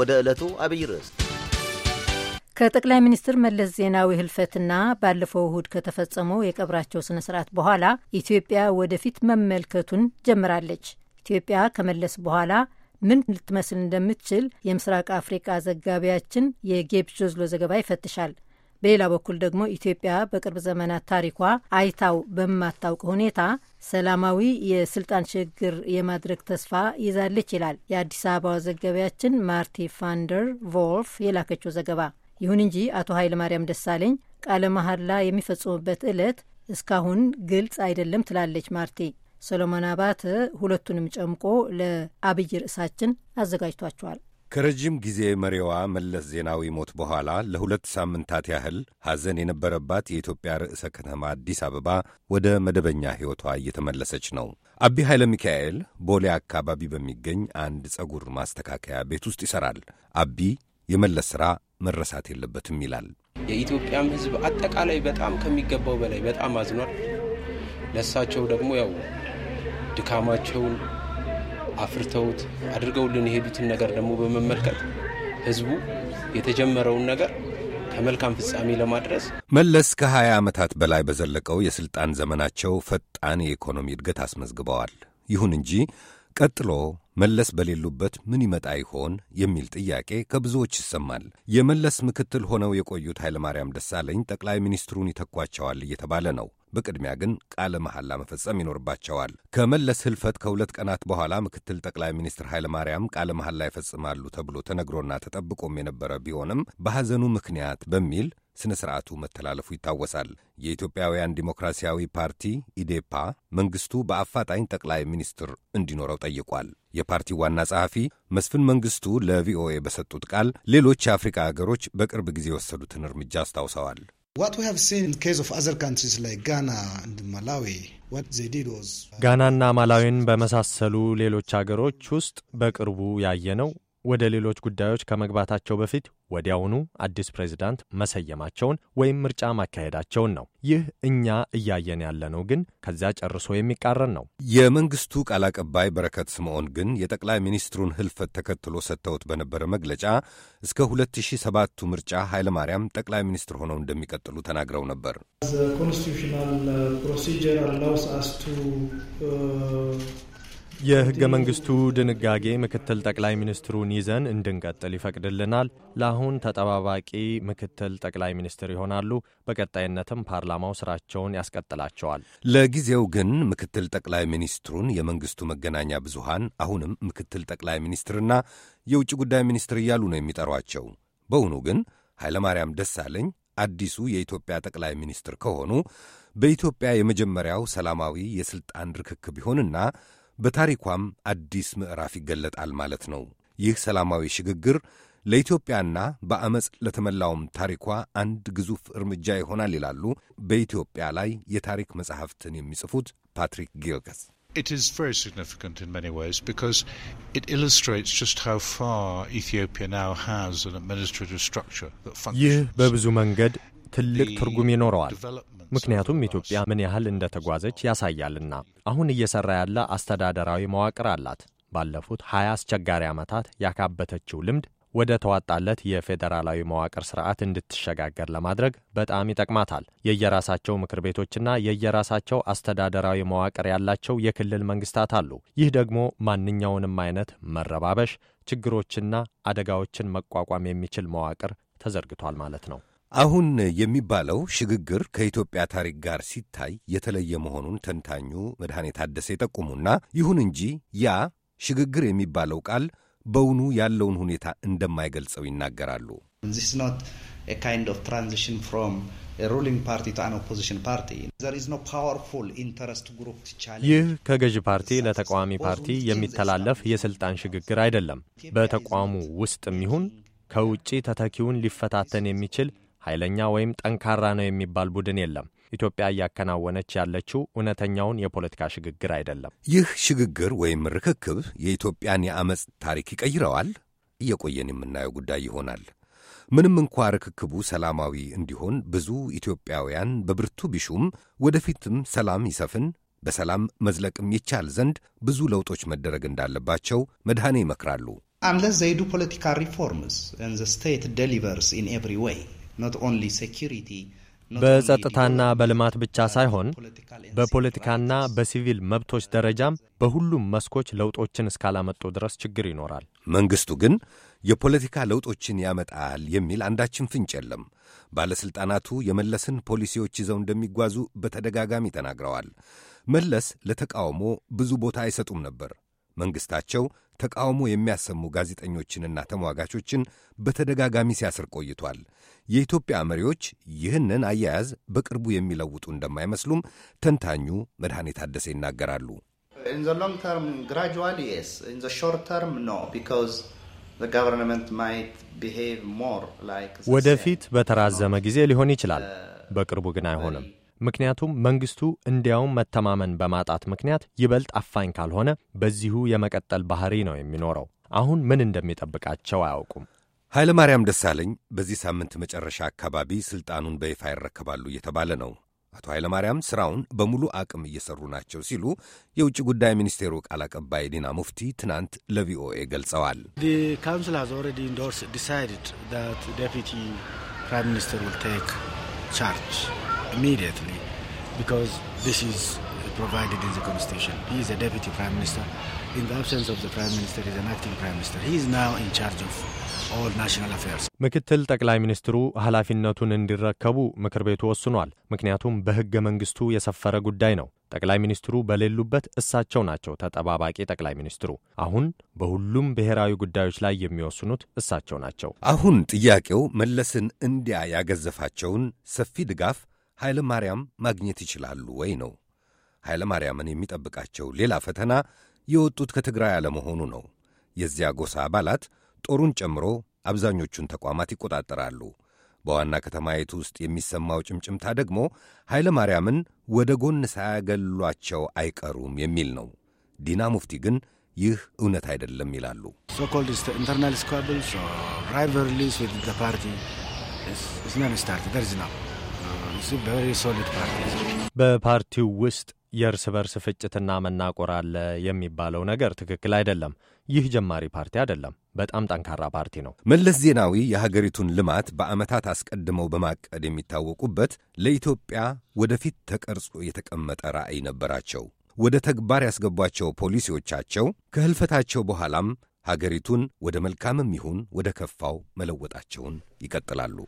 ወደ ዕለቱ አብይ ርዕስ ከጠቅላይ ሚኒስትር መለስ ዜናዊ ህልፈትና ባለፈው እሁድ ከተፈጸመው የቀብራቸው ስነ ስርዓት በኋላ ኢትዮጵያ ወደፊት መመልከቱን ጀምራለች። ኢትዮጵያ ከመለስ በኋላ ምን ልትመስል እንደምትችል የምስራቅ አፍሪቃ ዘጋቢያችን የጌብ ጆዝሎ ዘገባ ይፈትሻል። በሌላ በኩል ደግሞ ኢትዮጵያ በቅርብ ዘመናት ታሪኳ አይታው በማታውቅ ሁኔታ ሰላማዊ የስልጣን ሽግግር የማድረግ ተስፋ ይዛለች ይላል የአዲስ አበባ ዘጋቢያችን ማርቲ ፋንደር ቮልፍ የላከችው ዘገባ። ይሁን እንጂ አቶ ኃይለማርያም ደሳለኝ ቃለ መሐላ የሚፈጽሙበት ዕለት እስካሁን ግልጽ አይደለም ትላለች ማርቲ። ሰሎሞን አባተ ሁለቱንም ጨምቆ ለአብይ ርዕሳችን አዘጋጅቷቸዋል። ከረጅም ጊዜ መሪዋ መለስ ዜናዊ ሞት በኋላ ለሁለት ሳምንታት ያህል ሐዘን የነበረባት የኢትዮጵያ ርዕሰ ከተማ አዲስ አበባ ወደ መደበኛ ሕይወቷ እየተመለሰች ነው። አቢ ኃይለ ሚካኤል ቦሌ አካባቢ በሚገኝ አንድ ጸጉር ማስተካከያ ቤት ውስጥ ይሠራል። አቢ የመለስ ሥራ መረሳት የለበትም ይላል። የኢትዮጵያም ሕዝብ አጠቃላይ በጣም ከሚገባው በላይ በጣም አዝኗል። ለእሳቸው ደግሞ ያው ድካማቸውን አፍርተውት አድርገውልን የሄዱትን ነገር ደግሞ በመመልከት ህዝቡ የተጀመረውን ነገር ከመልካም ፍጻሜ ለማድረስ መለስ ከ20 ዓመታት በላይ በዘለቀው የሥልጣን ዘመናቸው ፈጣን የኢኮኖሚ እድገት አስመዝግበዋል። ይሁን እንጂ ቀጥሎ መለስ በሌሉበት ምን ይመጣ ይሆን የሚል ጥያቄ ከብዙዎች ይሰማል። የመለስ ምክትል ሆነው የቆዩት ኃይለማርያም ደሳለኝ ጠቅላይ ሚኒስትሩን ይተኳቸዋል እየተባለ ነው። በቅድሚያ ግን ቃለ መሐላ መፈጸም ይኖርባቸዋል። ከመለስ ህልፈት ከሁለት ቀናት በኋላ ምክትል ጠቅላይ ሚኒስትር ኃይለ ማርያም ቃለ መሐላ ይፈጽማሉ ተብሎ ተነግሮና ተጠብቆም የነበረ ቢሆንም በሐዘኑ ምክንያት በሚል ስነ ስርዓቱ መተላለፉ ይታወሳል። የኢትዮጵያውያን ዲሞክራሲያዊ ፓርቲ ኢዴፓ መንግስቱ በአፋጣኝ ጠቅላይ ሚኒስትር እንዲኖረው ጠይቋል። የፓርቲው ዋና ጸሐፊ መስፍን መንግስቱ ለቪኦኤ በሰጡት ቃል ሌሎች የአፍሪካ አገሮች በቅርብ ጊዜ የወሰዱትን እርምጃ አስታውሰዋል። ጋናና ማላዊን uh, በመሳሰሉ ሌሎች አገሮች ውስጥ በቅርቡ ያየነው ወደ ሌሎች ጉዳዮች ከመግባታቸው በፊት ወዲያውኑ አዲስ ፕሬዝዳንት መሰየማቸውን ወይም ምርጫ ማካሄዳቸውን ነው። ይህ እኛ እያየን ያለነው ግን ከዚያ ጨርሶ የሚቃረን ነው። የመንግስቱ ቃል አቀባይ በረከት ስምዖን ግን የጠቅላይ ሚኒስትሩን ህልፈት ተከትሎ ሰጥተውት በነበረ መግለጫ እስከ 2007ቱ ምርጫ ኃይለማርያም ጠቅላይ ሚኒስትር ሆነው እንደሚቀጥሉ ተናግረው ነበር። ኮንስቲቱሽናል ፕሮሲጀር አላውስ የህገ መንግስቱ ድንጋጌ ምክትል ጠቅላይ ሚኒስትሩን ይዘን እንድንቀጥል ይፈቅድልናል። ለአሁን ተጠባባቂ ምክትል ጠቅላይ ሚኒስትር ይሆናሉ። በቀጣይነትም ፓርላማው ስራቸውን ያስቀጥላቸዋል። ለጊዜው ግን ምክትል ጠቅላይ ሚኒስትሩን የመንግስቱ መገናኛ ብዙሃን አሁንም ምክትል ጠቅላይ ሚኒስትርና የውጭ ጉዳይ ሚኒስትር እያሉ ነው የሚጠሯቸው። በውኑ ግን ኃይለማርያም ደሳለኝ አዲሱ የኢትዮጵያ ጠቅላይ ሚኒስትር ከሆኑ በኢትዮጵያ የመጀመሪያው ሰላማዊ የሥልጣን ርክክብ ይሆንና በታሪኳም አዲስ ምዕራፍ ይገለጣል ማለት ነው። ይህ ሰላማዊ ሽግግር ለኢትዮጵያና በዐመፅ ለተመላውም ታሪኳ አንድ ግዙፍ እርምጃ ይሆናል ይላሉ በኢትዮጵያ ላይ የታሪክ መጽሐፍትን የሚጽፉት ፓትሪክ ጊልገስ። ይህ በብዙ መንገድ ትልቅ ትርጉም ይኖረዋል። ምክንያቱም ኢትዮጵያ ምን ያህል እንደተጓዘች ያሳያልና። አሁን እየሰራ ያለ አስተዳደራዊ መዋቅር አላት። ባለፉት 20 አስቸጋሪ ዓመታት ያካበተችው ልምድ ወደ ተዋጣለት የፌዴራላዊ መዋቅር ስርዓት እንድትሸጋገር ለማድረግ በጣም ይጠቅማታል። የየራሳቸው ምክር ቤቶችና የየራሳቸው አስተዳደራዊ መዋቅር ያላቸው የክልል መንግስታት አሉ። ይህ ደግሞ ማንኛውንም አይነት መረባበሽ፣ ችግሮችና አደጋዎችን መቋቋም የሚችል መዋቅር ተዘርግቷል ማለት ነው። አሁን የሚባለው ሽግግር ከኢትዮጵያ ታሪክ ጋር ሲታይ የተለየ መሆኑን ተንታኙ መድኃኔ ታደሰ ይጠቁሙና ይሁን እንጂ ያ ሽግግር የሚባለው ቃል በውኑ ያለውን ሁኔታ እንደማይገልጸው ይናገራሉ። ይህ ከገዢ ፓርቲ ለተቃዋሚ ፓርቲ የሚተላለፍ የስልጣን ሽግግር አይደለም። በተቋሙ ውስጥ ይሁን ከውጪ ተተኪውን ሊፈታተን የሚችል ኃይለኛ ወይም ጠንካራ ነው የሚባል ቡድን የለም። ኢትዮጵያ እያከናወነች ያለችው እውነተኛውን የፖለቲካ ሽግግር አይደለም። ይህ ሽግግር ወይም ርክክብ የኢትዮጵያን የአመፅ ታሪክ ይቀይረዋል፣ እየቆየን የምናየው ጉዳይ ይሆናል። ምንም እንኳ ርክክቡ ሰላማዊ እንዲሆን ብዙ ኢትዮጵያውያን በብርቱ ቢሹም ወደፊትም ሰላም ይሰፍን በሰላም መዝለቅም ይቻል ዘንድ ብዙ ለውጦች መደረግ እንዳለባቸው መድኃኔ ይመክራሉ። አንለስ ዘይዱ ፖለቲካል ሪፎርምስ ስቴት ደሊቨርስ ኢን ኤቭሪ ወይ በጸጥታና በልማት ብቻ ሳይሆን በፖለቲካና በሲቪል መብቶች ደረጃም በሁሉም መስኮች ለውጦችን እስካላመጡ ድረስ ችግር ይኖራል። መንግሥቱ ግን የፖለቲካ ለውጦችን ያመጣል የሚል አንዳችም ፍንጭ የለም። ባለሥልጣናቱ የመለስን ፖሊሲዎች ይዘው እንደሚጓዙ በተደጋጋሚ ተናግረዋል። መለስ ለተቃውሞ ብዙ ቦታ አይሰጡም ነበር። መንግሥታቸው ተቃውሞ የሚያሰሙ ጋዜጠኞችንና ተሟጋቾችን በተደጋጋሚ ሲያስር ቆይቷል። የኢትዮጵያ መሪዎች ይህንን አያያዝ በቅርቡ የሚለውጡ እንደማይመስሉም ተንታኙ መድኃኔ ታደሰ ይናገራሉ። ወደፊት በተራዘመ ጊዜ ሊሆን ይችላል፣ በቅርቡ ግን አይሆንም። ምክንያቱም መንግስቱ እንዲያውም መተማመን በማጣት ምክንያት ይበልጥ አፋኝ ካልሆነ በዚሁ የመቀጠል ባህሪ ነው የሚኖረው። አሁን ምን እንደሚጠብቃቸው አያውቁም። ኃይለ ማርያም ደሳለኝ በዚህ ሳምንት መጨረሻ አካባቢ ስልጣኑን በይፋ ይረከባሉ እየተባለ ነው። አቶ ኃይለ ማርያም ስራውን በሙሉ አቅም እየሰሩ ናቸው ሲሉ የውጭ ጉዳይ ሚኒስቴሩ ቃል አቀባይ ዲና ሙፍቲ ትናንት ለቪኦኤ ገልጸዋል። ፕራይም ሚኒስትር immediately because this is provided in the constitution. He is a deputy prime minister. In the absence of the prime minister, he is an acting prime minister. He is now in charge of all national affairs. ምክትል ጠቅላይ ሚኒስትሩ ኃላፊነቱን እንዲረከቡ ምክር ቤቱ ወስኗል። ምክንያቱም በሕገ መንግስቱ የሰፈረ ጉዳይ ነው። ጠቅላይ ሚኒስትሩ በሌሉበት እሳቸው ናቸው ተጠባባቂ ጠቅላይ ሚኒስትሩ። አሁን በሁሉም ብሔራዊ ጉዳዮች ላይ የሚወስኑት እሳቸው ናቸው። አሁን ጥያቄው መለስን እንዲያ ያገዘፋቸውን ሰፊ ድጋፍ ኃይለ ማርያም ማግኘት ይችላሉ ወይ ነው። ኃይለ ማርያምን የሚጠብቃቸው ሌላ ፈተና የወጡት ከትግራይ አለመሆኑ ነው። የዚያ ጎሳ አባላት ጦሩን ጨምሮ አብዛኞቹን ተቋማት ይቆጣጠራሉ። በዋና ከተማይቱ ውስጥ የሚሰማው ጭምጭምታ ደግሞ ኃይለ ማርያምን ወደ ጎን ሳያገሏቸው አይቀሩም የሚል ነው። ዲና ሙፍቲ ግን ይህ እውነት አይደለም ይላሉ። ኢንተርናል ስኳብል ራይቨርሊ ፓርቲ እሱ ሶሊድ ፓርቲ በፓርቲው ውስጥ የእርስ በርስ ፍጭትና መናቆር አለ የሚባለው ነገር ትክክል አይደለም። ይህ ጀማሪ ፓርቲ አይደለም፣ በጣም ጠንካራ ፓርቲ ነው። መለስ ዜናዊ የሀገሪቱን ልማት በዓመታት አስቀድመው በማቀድ የሚታወቁበት ለኢትዮጵያ ወደፊት ተቀርጾ የተቀመጠ ራዕይ ነበራቸው። ወደ ተግባር ያስገቧቸው ፖሊሲዎቻቸው ከህልፈታቸው በኋላም ሀገሪቱን ወደ መልካምም ይሁን ወደ ከፋው መለወጣቸውን ይቀጥላሉ።